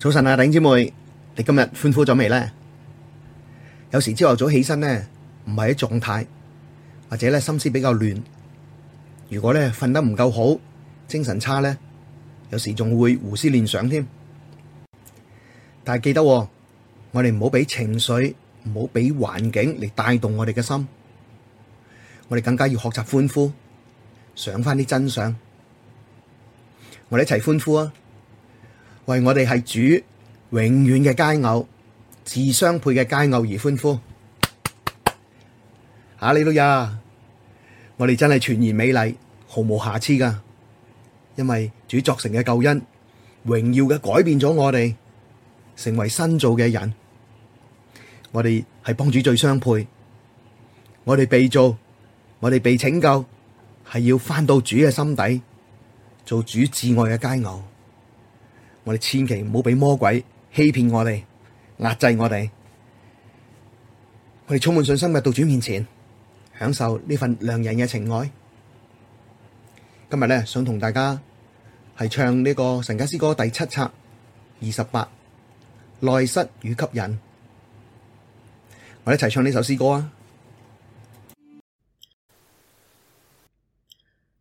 早晨啊，弟兄姐妹，你今日歡呼咗未呢？有時朝頭早起身呢，唔係喺狀態，或者咧心思比較亂。如果咧瞓得唔夠好，精神差呢，有時仲會胡思亂想添。但係記得，我哋唔好俾情緒，唔好俾環境嚟帶動我哋嘅心。我哋更加要學習歡呼，想返啲真相。我哋一齊歡呼啊！為我哋係主永遠嘅佳偶，自相配嘅佳偶而歡呼。哈利路亞，我哋真係全然美麗，毫無瑕疵噶。因為主作成嘅救恩，榮耀嘅改變咗我哋，成為新造嘅人。我哋係幫主最相配，我哋被造，我哋被拯救，係要返到主嘅心底，做主至愛嘅佳偶。我哋千祈唔好俾魔鬼欺騙我哋、壓制我哋。我哋充滿信心嘅到主面前，享受呢份良人嘅情愛。今日咧，想同大家係唱呢個神家詩歌第七冊二十八內室與吸引。我哋一齊唱呢首詩歌啊！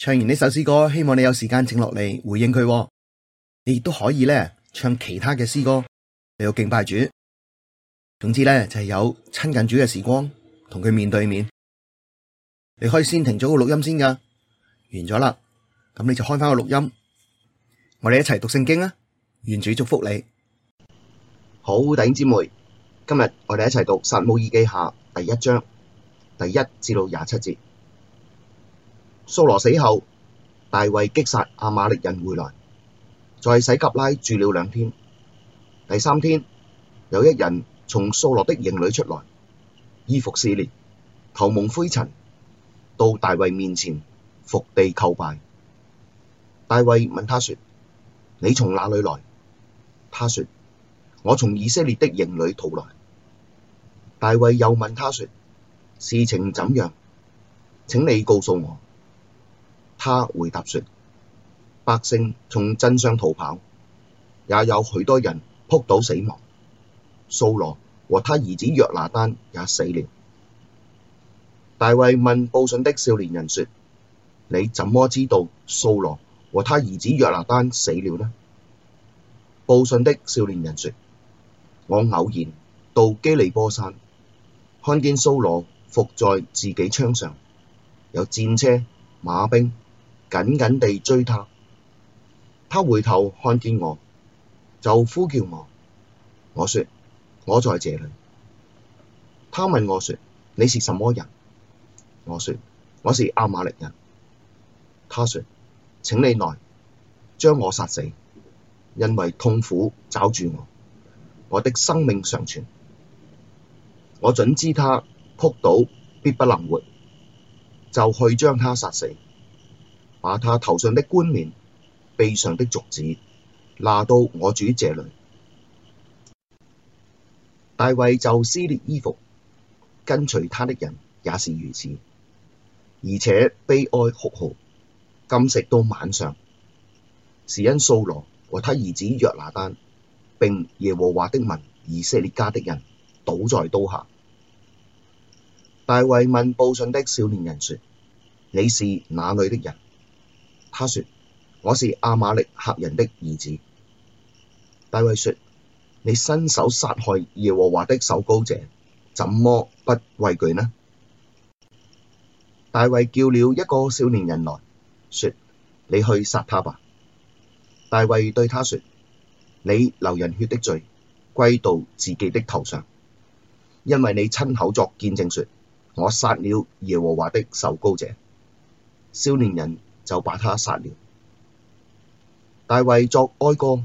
唱完呢首詩歌，希望你有時間靜落嚟回應佢、哦。你亦都可以咧唱其他嘅詩歌，你要敬拜主。總之咧就係、是、有親近主嘅時光，同佢面對面。你可以先停咗個錄音先噶，完咗啦，咁你就開翻個錄音，我哋一齊讀聖經啊！願主祝福你。好，弟兄姊妹，今日我哋一齊讀撒母耳記下第一章第一至到廿七節。蘇羅死後，大衛擊殺阿瑪力人回來，在洗及拉住了兩天。第三天，有一人從蘇羅的營裡出來，衣服撕裂，頭蒙灰塵，到大衛面前伏地叩拜。大衛問他說：你從哪裡來？他說：我從以色列的營裡逃來。大衛又問他說：事情怎樣？請你告訴我。他回答說：百姓從陣上逃跑，也有許多人仆倒死亡。掃羅和他兒子約拿單也死了。大衛問報信的少年人說：你怎麼知道掃羅和他兒子約拿單死了呢？報信的少年人說：我偶然到基利波山，看見掃羅伏在自己槍上，有戰車馬兵，緊緊地追他，他回頭看見我，就呼叫我。我說：我在這裏。他問我說：你是什麼人？我說：我是亞瑪力人。他說：請你來，將我殺死，因為痛苦抓住我，我的生命尚存。我準知他仆倒必不能活，就去將他殺死。把他頭上的冠冕、臂上的鐲子拿到我主這裡。大衛就撕裂衣服，跟隨他的人也是如此，而且悲哀哭號，禁食到晚上，是因掃羅和他兒子約拿單，並耶和華的民以色列家的人，倒在刀下。大衛問報信的少年人說：你是哪裡的人？他說：我是亞瑪力客人的兒子。大衛說：你伸手殺害耶和華的受膏者，怎麼不畏懼呢？大衛叫了一個少年人來說：你去殺他吧。大衛對他說：你流人血的罪歸到自己的頭上，因為你親口作見證說：我殺了耶和華的受膏者。少年人。就把他殺了。大衛作哀歌，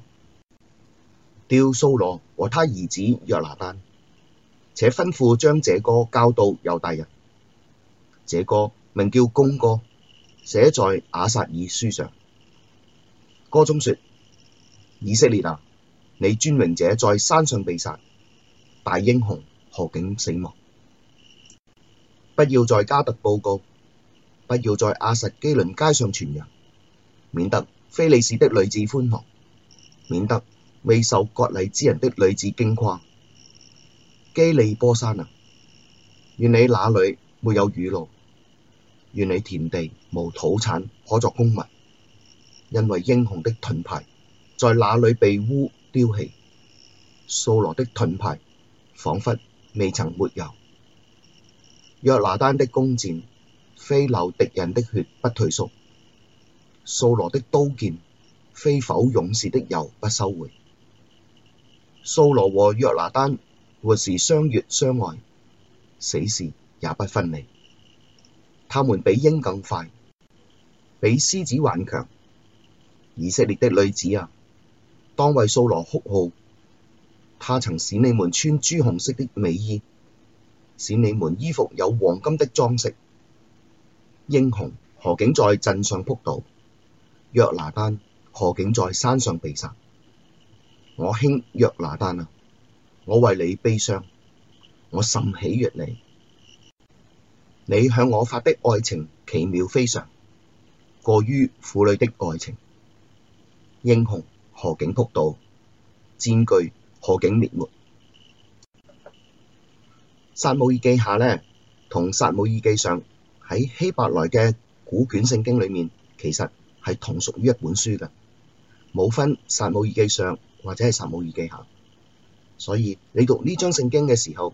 吊掃羅和他兒子約拿單，且吩咐將這歌教導猶大人。這歌名叫《弓歌》，寫在雅煞珥書上。歌中說：以色列啊，你尊榮者在山上被殺，大英雄何竟死亡？不要在迦特報告。不要在亞實基倫街上傳揚，免得非利士的女子歡樂，免得未受割禮之人的女子矜誇。基利波山啊，願你那裏沒有雨露，願你田地無土產可作供物，因為英雄的盾牌在那裏被污丟棄，掃羅的盾牌仿佛未曾抹油，約拿單的弓箭，非流敵人的血不退縮，掃羅的刀劍非剖勇士的油不收回。掃羅和約拿單，活時相悅相愛，死時也不分離。他們比鷹更快，比獅子還強。以色列的女子啊，當為掃羅哭號，他曾使你們穿朱紅色的美衣，使你們衣服有黃金的裝飾英雄何竟在陣上仆倒，約拿單何竟在山上被殺。我兄約拿單啊，我為你悲傷，我甚喜悅你。你向我發的愛情奇妙非常，過於婦女的愛情。英雄何竟仆倒，戰具何竟滅沒。撒母耳記下呢，同撒母耳記上，喺希伯來嘅古卷聖經裏面，其實係同屬於一本書嘅，冇分撒母耳記上或者係撒母耳記下。所以你讀呢章聖經嘅時候，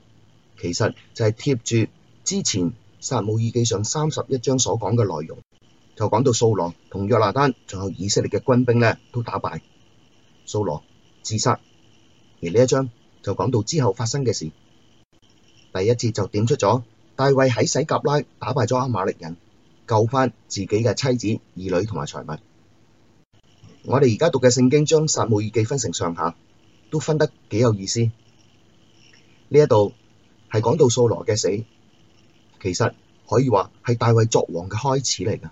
其實就係貼住之前撒母耳記上三十一章所講嘅內容，就講到掃羅同約拿單，仲有以色列嘅軍兵呢都打敗掃羅自殺，而呢一章就講到之後發生嘅事。第一節就點出咗。大衛喺洗革拉打敗咗阿瑪力人，救返自己嘅妻子、兒女同埋財物。我哋而家讀嘅聖經將撒母耳記分成上下，都分得幾有意思。呢一度係講到掃羅嘅死，其實可以話係大衛作王嘅開始嚟噶。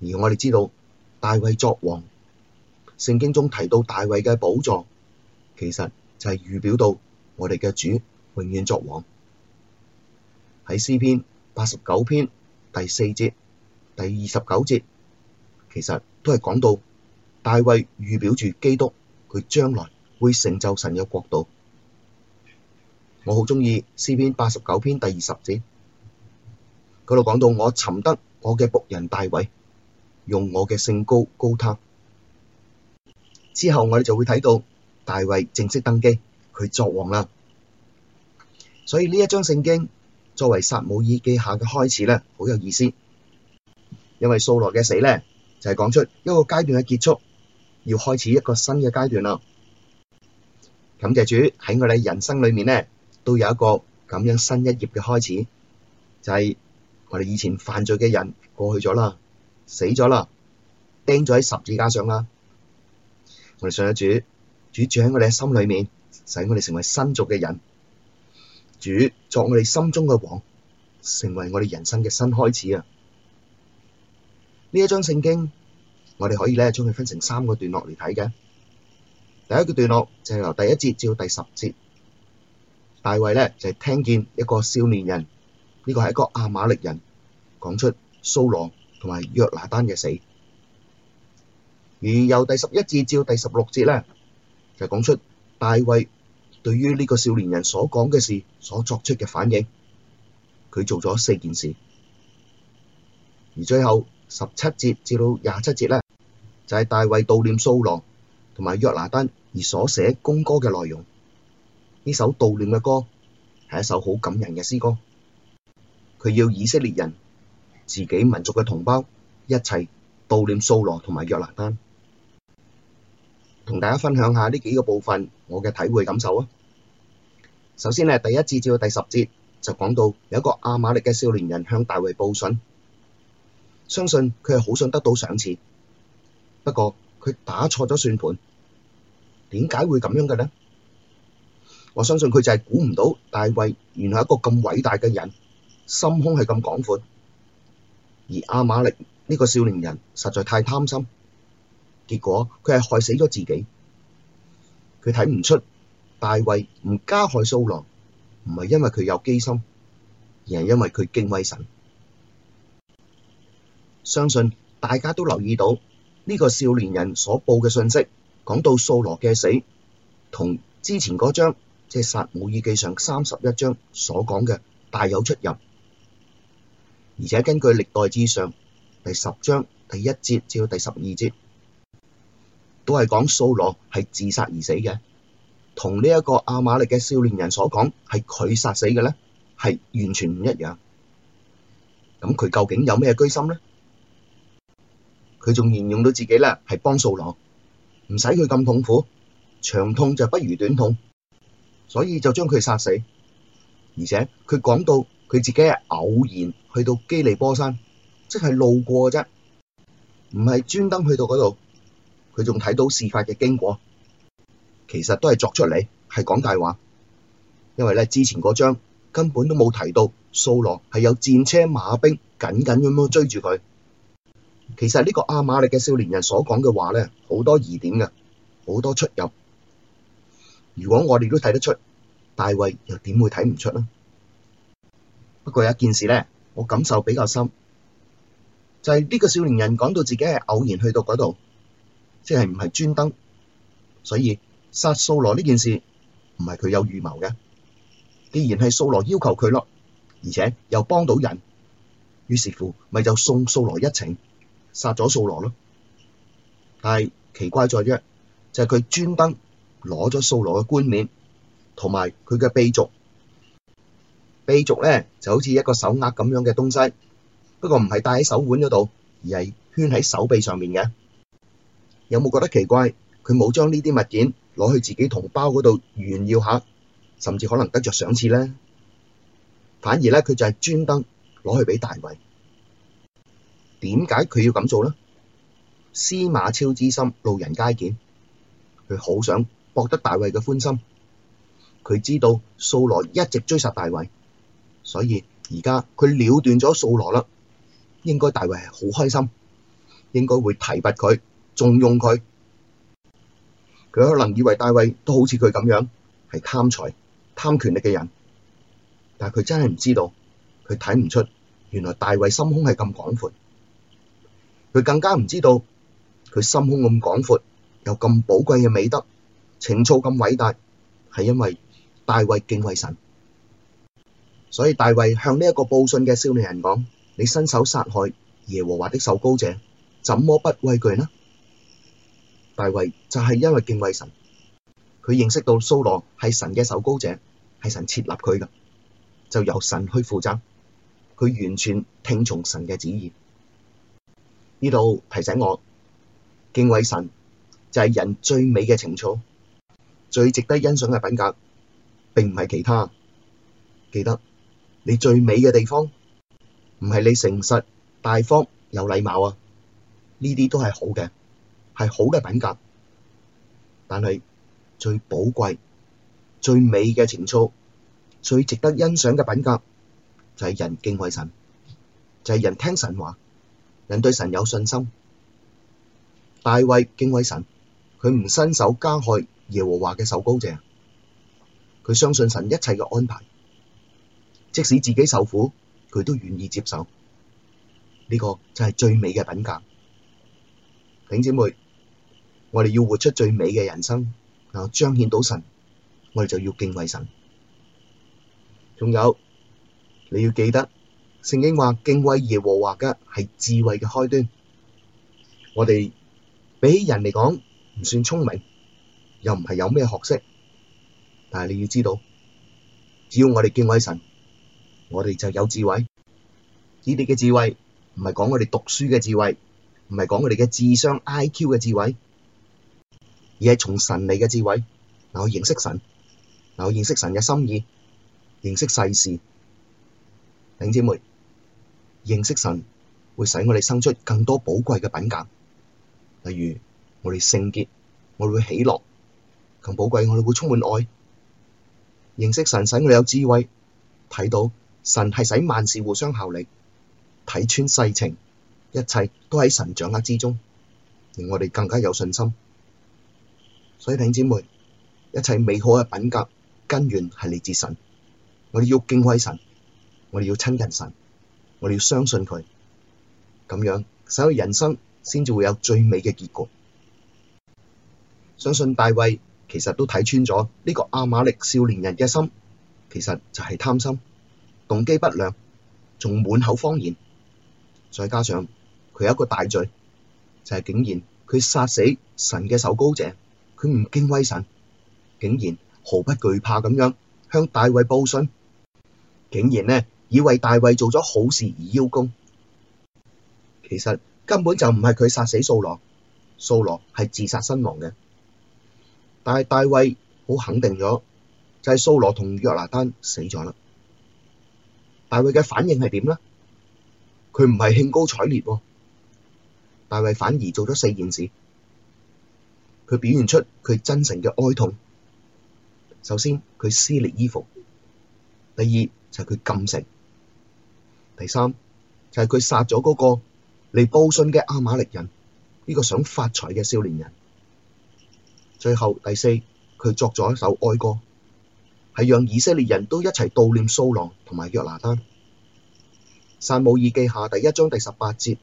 而我哋知道大衛作王，聖經中提到大衛嘅寶座，其實就係預表到我哋嘅主永遠作王。喺詩篇八十九篇第四節、第二十九節，其實都係講到大衛預表住基督，佢將來會成就神嘅國度。我好鍾意詩篇八十九篇第二十節，嗰度講到我尋得我嘅僕人大衛，用我嘅聖膏膏他。之後我哋就會睇到大衛正式登基，佢作王啦。所以呢一章聖經。作為撒母耳記下嘅開始咧，好有意思，因為掃羅嘅死咧，就係講出一個階段嘅結束，要開始一個新嘅階段啦。感謝主，喺我哋人生裏面咧，都有一個咁樣新一頁嘅開始，就係我哋以前犯罪嘅人過去咗啦，死咗啦，釘咗喺十字架上啦。我哋信主，主住喺我哋嘅心裏面，使我哋成為新族嘅人。主作我哋心中嘅王，成為我哋人生嘅新開始啊！呢一章聖經，我哋可以咧將佢分成三個段落嚟睇嘅。第一個段落就係由第一節至到第十節，大衛咧就係聽見一個少年人，呢個係一個亞瑪力人，講出掃羅同埋約拿單嘅死。而由第十一節至到第十六節咧，就講出大衛。對於呢個少年人所講嘅事所作出嘅反應，佢做咗四件事。而最後十七節至到廿七節咧，就係、是、大衛悼念掃羅同埋約拿單而所寫弓歌嘅內容。呢首悼念嘅歌係一首好感人嘅詩歌，佢要以色列人自己民族嘅同胞一齊悼念掃羅同埋約拿單。同大家分享下呢幾個部分我嘅體會感受啊！首先咧，第一節至到第十節就講到有一個亞瑪力嘅少年人向大衛報信，相信佢係好想得到賞賜，不過佢打錯咗算盤。點解會咁樣嘅咧？我相信佢就係估唔到大衛原來係一個咁偉大嘅人，心胸係咁廣闊，而亞瑪力呢個少年人實在太貪心。結果佢係害死咗自己，佢睇唔出大衛唔加害掃羅，唔係因為佢有機心，而係因為佢敬畏神。相信大家都留意到呢個少年人所報嘅信息，講到掃羅嘅死，同之前嗰章即係撒母耳記上三十一章所講嘅大有出入，而且根據歷代之上第十章第一節至到第十二節。都係講掃羅係自殺而死嘅，同呢一個阿瑪力嘅少年人所講係佢殺死嘅咧，係完全唔一樣。咁佢究竟有咩居心咧？佢仲形容到自己啦，係幫掃羅，唔使佢咁痛苦，長痛就不如短痛，所以就將佢殺死。而且佢講到佢自己係偶然去到基利波山，即係路過啫，唔係專登去到嗰度。佢仲睇到事發嘅經過，其實都係作出嚟，係講大話，因為咧之前嗰章根本都冇提到掃羅係有戰車馬兵緊緊咁樣追住佢。其實呢個亞瑪力嘅少年人所講嘅話咧好多疑點嘅，好多出入。如果我哋都睇得出，大衛又點會睇唔出呢？不過有一件事咧，我感受比較深，就係呢個少年人講到自己係偶然去到嗰度。即係唔係專登，所以殺掃羅呢件事唔係佢有預謀嘅。既然係掃羅要求佢咯，而且又幫到人，於是乎咪就送掃羅一程，殺咗掃羅咯。但係奇怪在啫，就係佢專登攞咗掃羅嘅冠冕，同埋佢嘅臂鐲。臂鐲咧就好似一個手鐲咁樣嘅東西，不過唔係戴喺手腕嗰度，而係圈喺手臂上面嘅。有冇覺得奇怪？佢冇將呢啲物件攞去自己同胞嗰度炫耀下，甚至可能得着賞賜咧？反而咧，佢就係專登攞去畀大衛。點解佢要咁做咧？司馬昭之心，路人皆見。佢好想博得大衛嘅歡心。佢知道掃羅一直追殺大衛，所以而家佢了斷咗掃羅啦。應該大衛係好開心，應該會提拔佢。重用佢，佢可能以為大衛都好似佢咁樣係貪財貪權力嘅人，但係佢真係唔知道，佢睇唔出原來大衛心胸係咁廣闊，佢更加唔知道佢心胸咁廣闊有咁寶貴嘅美德情操咁偉大，係因為大衛敬畏神，所以大衛向呢一個報信嘅少年人講：你伸手殺害耶和華的受膏者，怎麼不畏懼呢？大衛就係因為敬畏神，佢認識到掃羅係神嘅受膏者，係神設立佢嘅，就由神去負責，佢完全聽從神嘅旨意。呢度提醒我，敬畏神就係人最美嘅情操，最值得欣賞嘅品格，並唔係其他。記得你最美嘅地方，唔係你誠實、大方有禮、有禮貌啊，呢啲都係好嘅。係好嘅品格，但係最寶貴、最美嘅情操、最值得欣賞嘅品格，就係、是、人敬畏神，就係、是、人聽神話，人對神有信心。大衛敬畏神，佢唔伸手加害耶和華嘅受膏者，佢相信神一切嘅安排，即使自己受苦，佢都願意接受。呢、這個就係最美嘅品格，弟兄姊妹。我哋要活出最美嘅人生，嗱，彰顯到神，我哋就要敬畏神。仲有，你要記得，聖經話敬畏耶和華嘅係智慧嘅開端。我哋比起人嚟講唔算聰明，又唔係有咩學識，但係你要知道，只要我哋敬畏神，我哋就有智慧。呢啲嘅智慧唔係講我哋讀書嘅智慧，唔係講我哋嘅智商 IQ 嘅智慧。嘢從神嚟嘅智慧，然後認識神，然後認識神嘅心意，認識世事。弟兄姊妹，認識神會使我哋生出更多寶貴嘅品格，例如我哋聖潔，我哋會喜樂，更寶貴，我哋會充滿愛。認識神使我哋有智慧，睇到神係使萬事互相效力，睇穿世情，一切都喺神掌握之中，令我哋更加有信心。所以，弟兄姊妹，一切美好嘅品格根源係嚟自神。我哋要敬畏神，我哋要親近神，我哋要相信佢，咁樣，所以人生先至會有最美嘅結局。相信大衛其實都睇穿咗呢個阿瑪力少年人嘅心，其實就係貪心，動機不良，仲滿口謊言，再加上佢有一個大罪，就係、是、竟然佢殺死神嘅受膏者。佢唔驚威神，竟然毫不懼怕咁樣向大衛報信，竟然呢以為大衛做咗好事而邀功，其實根本就唔係佢殺死掃羅，掃羅係自殺身亡嘅，但係大衛好肯定咗就係掃羅同約拿單死咗啦，大衛嘅反應係點咧？佢唔係興高采烈，大衛反而做咗四件事。佢表現出佢真誠嘅哀痛。首先佢撕裂衣服，第二就係、是、佢禁食；第三就係、是、佢殺咗嗰個嚟報信嘅亞瑪力人，呢、這個想發財嘅少年人。最後第四佢作咗一首哀歌，係讓以色列人都一齊悼念掃羅同埋約拿單。《撒母耳記下》第一章第十八節，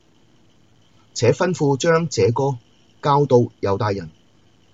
且吩咐將這歌交到猶大人。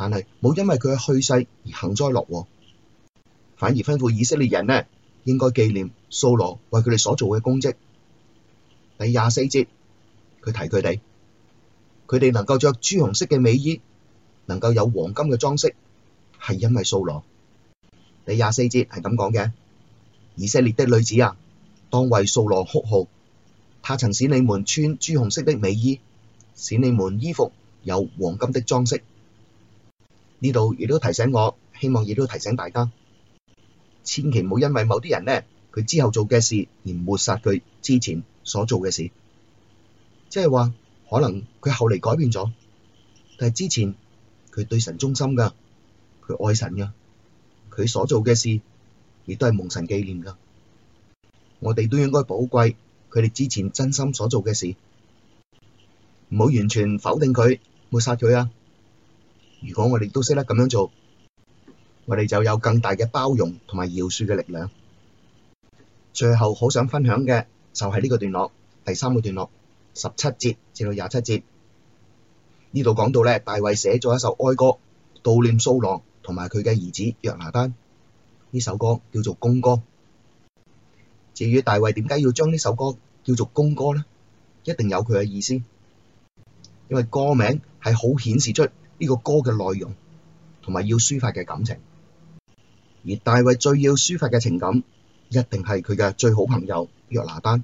但係冇因為佢嘅去世而幸災樂禍，反而吩咐以色列人呢應該紀念掃羅為佢哋所做嘅功績。第廿四節佢提佢哋，佢哋能夠着朱紅色嘅美衣，能夠有黃金嘅裝飾，係因為掃羅。第廿四節係咁講嘅：以色列的女子啊，當為掃羅哭號，他曾使你們穿朱紅色的美衣，使你們衣服有黃金的裝飾。呢度亦都提醒我，希望亦都提醒大家，千祈唔好因為某啲人呢，佢之後做嘅事而抹殺佢之前所做嘅事。即係話，可能佢後嚟改變咗，但係之前佢對神忠心噶，佢愛神噶，佢所做嘅事亦都係蒙神紀念噶。我哋都應該寶貴佢哋之前真心所做嘅事，唔好完全否定佢，抹殺佢啊！如果我哋都識得咁樣做，我哋就有更大嘅包容同埋饒恕嘅力量。最後好想分享嘅就係呢個段落，第三個段落十七節至到廿七節呢度講到咧，大衛寫咗一首哀歌，悼念掃羅，同埋佢嘅兒子約拿單。呢首歌叫做弓歌。至於大衛點解要將呢首歌叫做弓歌咧，一定有佢嘅意思，因為歌名係好顯示出。呢個歌嘅內容同埋要抒發嘅感情，而大衛最要抒發嘅情感一定係佢嘅最好朋友約拿單，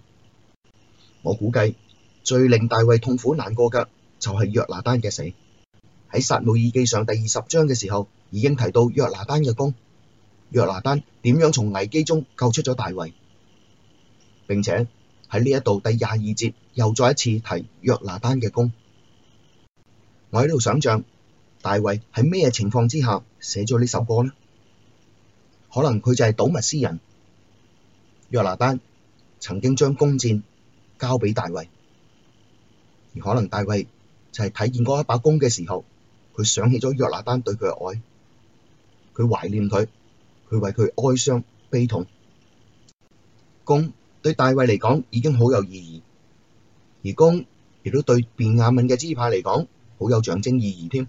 我估計最令大衛痛苦難過嘅就係、是、約拿單嘅死。喺《撒母耳記》上第二十章嘅時候已經提到約拿單嘅功，約拿單點樣從危機中救出咗大衛。並且喺呢一度第廿二節又再一次提約拿單嘅功。我喺度想象。大衛喺咩情況之下寫咗呢首歌呢？可能佢就係睹物思人。約拿丹曾經將弓箭交俾大衛，而可能大衛就係睇見嗰一把弓嘅時候，佢想起咗約拿丹對佢嘅愛，佢懷念佢，佢為佢哀傷悲痛。弓對大衛嚟講已經好有意義，而弓亦都對便雅憫嘅支派嚟講好有象徵意義添。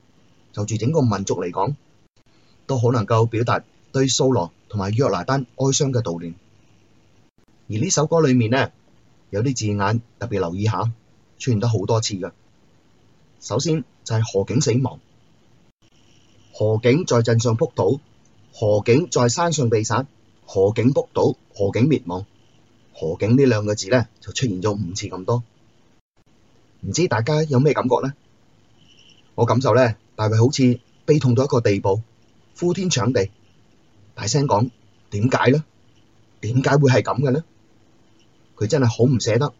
就住整個民族嚟講，都好能夠表達對掃羅同埋約拿單哀傷嘅悼念。而呢首歌裏面呢，有啲字眼特別留意下，出現咗好多次㗎。首先就係何竟死亡，何竟在陣上仆倒，何竟在山上被殺，何竟仆倒，何竟滅亡，何竟呢兩個字呢，就出現咗五次咁多。唔知大家有咩感覺呢？我感受呢。大衛好似悲痛到一個地步，呼天搶地，大聲講：點解呢？點解會係咁嘅呢？佢真係好唔捨得，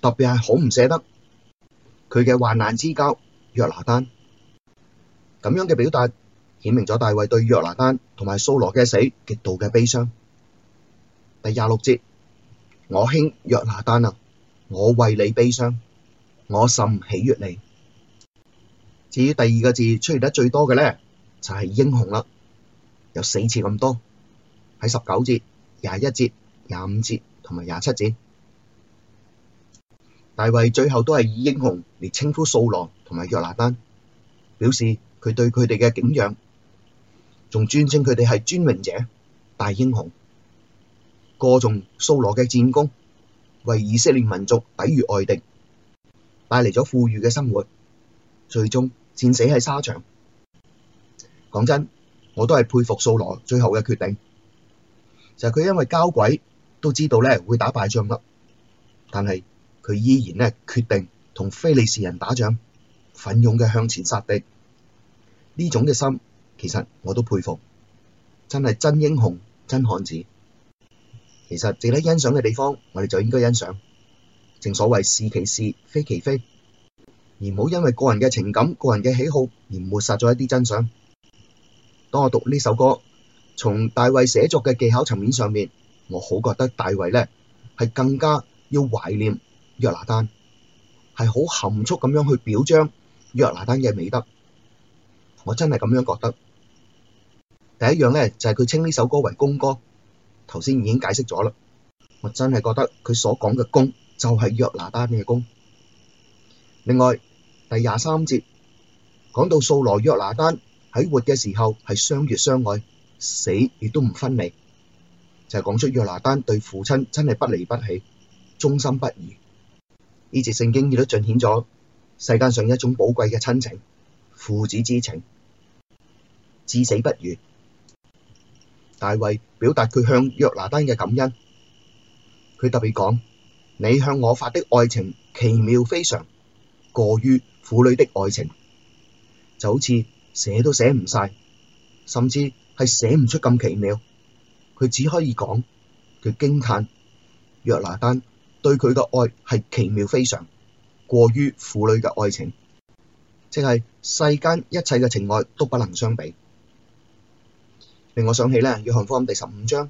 特別係好唔捨得佢嘅患難之交約拿單。咁樣嘅表達，顯明咗大衛對約拿單同埋掃羅嘅死極度嘅悲傷。第廿六節：我兄約拿單啊，我為你悲傷，我甚喜悅你。至於第二個字出現得最多嘅咧，就係、是、英雄啦，有四次咁多，喺十九節、廿一節、廿五節同埋廿七節。大衛最後都係以英雄嚟稱呼掃羅同埋約拿單，表示佢對佢哋嘅敬仰，仲尊稱佢哋係尊榮者、大英雄。個重掃羅嘅戰功，為以色列民族抵禦外敵，帶嚟咗富裕嘅生活。最終戰死喺沙場。講真，我都係佩服掃羅最後嘅決定，就係、是、佢因為交鬼都知道咧會打敗仗嘞，但係佢依然咧決定同非利士人打仗，奮勇嘅向前殺敵。呢種嘅心，其實我都佩服，真係真英雄、真漢子。其實值得欣賞嘅地方，我哋就應該欣賞。正所謂是其是非其非。而唔好因為個人嘅情感、個人嘅喜好而抹殺咗一啲真相。當我讀呢首歌，從大衛寫作嘅技巧層面上面，我好覺得大衛咧係更加要懷念約拿單，係好含蓄咁樣去表彰約拿單嘅美德。我真係咁樣覺得。第一樣咧就係佢稱呢首歌為弓歌，頭先已經解釋咗啦。我真係覺得佢所講嘅弓就係約拿單嘅弓。另外，第廿三節講到掃羅約拿單喺活嘅時候係相悦相愛，死亦都唔分離，就係、是、講出約拿單對父親真係不離不棄、忠心不移。呢節聖經亦都盡顯咗世界上一種寶貴嘅親情——父子之情，至死不渝。大衛表達佢向約拿單嘅感恩，佢特別講：你向我發的愛情奇妙非常。過於婦女的愛情，就好似寫都寫唔晒，甚至係寫唔出咁奇妙。佢只可以講佢驚嘆約拿單對佢嘅愛係奇妙非常，過於婦女嘅愛情，即係世間一切嘅情愛都不能相比。令我想起咧，約翰福音第十五章，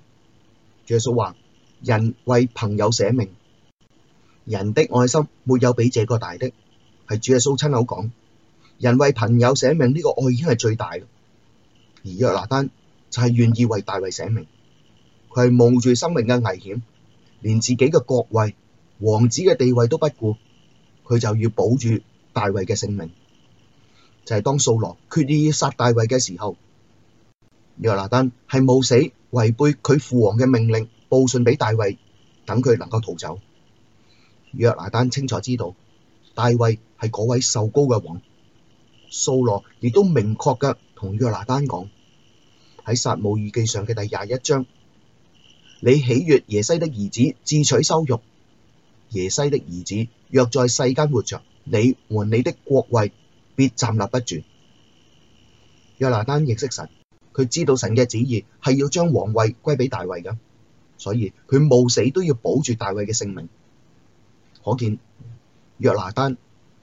耶穌話：人為朋友捨命，人的愛心沒有比這個大的。係主耶穌親口講：人為朋友捨命，呢個愛已經係最大嘞。而約拿單就係願意為大衛捨命，佢係冒住生命嘅危險，連自己嘅國位、王子嘅地位都不顧，佢就要保住大衛嘅性命。就係當掃羅決意殺大衛嘅時候，約拿單係冒死違背佢父王嘅命令，報信俾大衛，等佢能夠逃走。約拿單清楚知道大衛。係嗰位瘦高嘅王，掃羅亦都明確嘅同約拿單講：喺撒母耳記上嘅第二十一章，你喜悅耶西的兒子，自取羞辱；耶西的兒子若在世間活着，你和你的國位必站立不住。約拿單亦識神，佢知道神嘅旨意係要將王位歸俾大衛嘅，所以佢冒死都要保住大衛嘅性命。可見約拿單。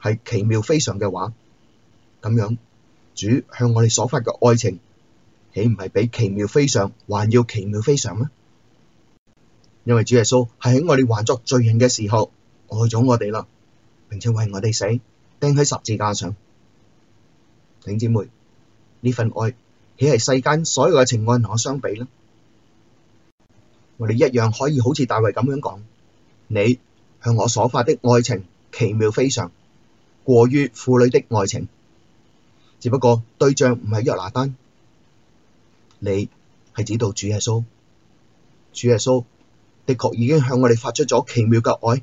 係奇妙非常嘅話，咁樣主向我哋所發嘅愛情，豈唔係比奇妙非常還要奇妙非常咩？因為主耶穌係喺我哋還作罪人嘅時候愛咗我哋啦，並且為我哋死釘喺十字架上。弟兄姊妹，呢份愛豈係世間所有嘅情愛同我相比啦？我哋一樣可以好似大衛咁樣講：你向我所發的愛情奇妙非常。過於婦女的愛情，只不過對象唔係約拿單，你係指到主耶穌，主耶穌的確已經向我哋發出咗奇妙嘅愛，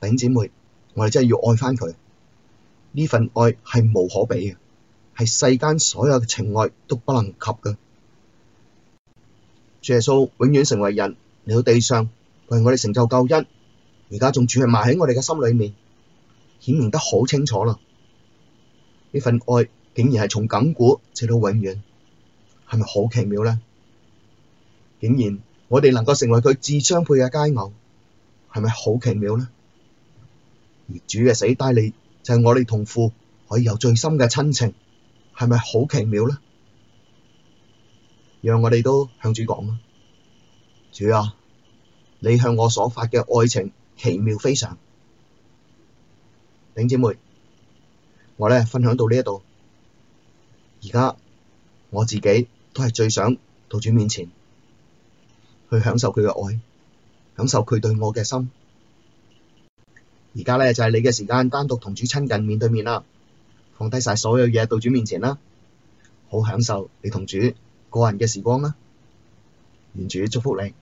弟兄姊妹，我哋真係要愛返佢，呢份愛係無可比嘅，係世間所有嘅情愛都不能及嘅。主耶穌永遠成為人嚟到地上為我哋成就救恩，而家仲住埋喺我哋嘅心裏面。顯明得好清楚啦！呢份愛竟然係從亙古直到永遠，係咪好奇妙咧？竟然我哋能夠成為佢至相配嘅佳偶，係咪好奇妙咧？而主嘅死帶嚟就係我哋同父可以有最深嘅親情，係咪好奇妙咧？讓我哋都向主講啊！主啊，你向我所發嘅愛情奇妙非常。頂姐妹，我咧分享到呢一度，而家我自己都係最想到主面前去享受佢嘅愛，享受佢對我嘅心。而家咧就係你嘅時間，單獨同主親近面對面啦，放低晒所有嘢，到主面前啦，好享受你同主個人嘅時光啦。願主祝福你。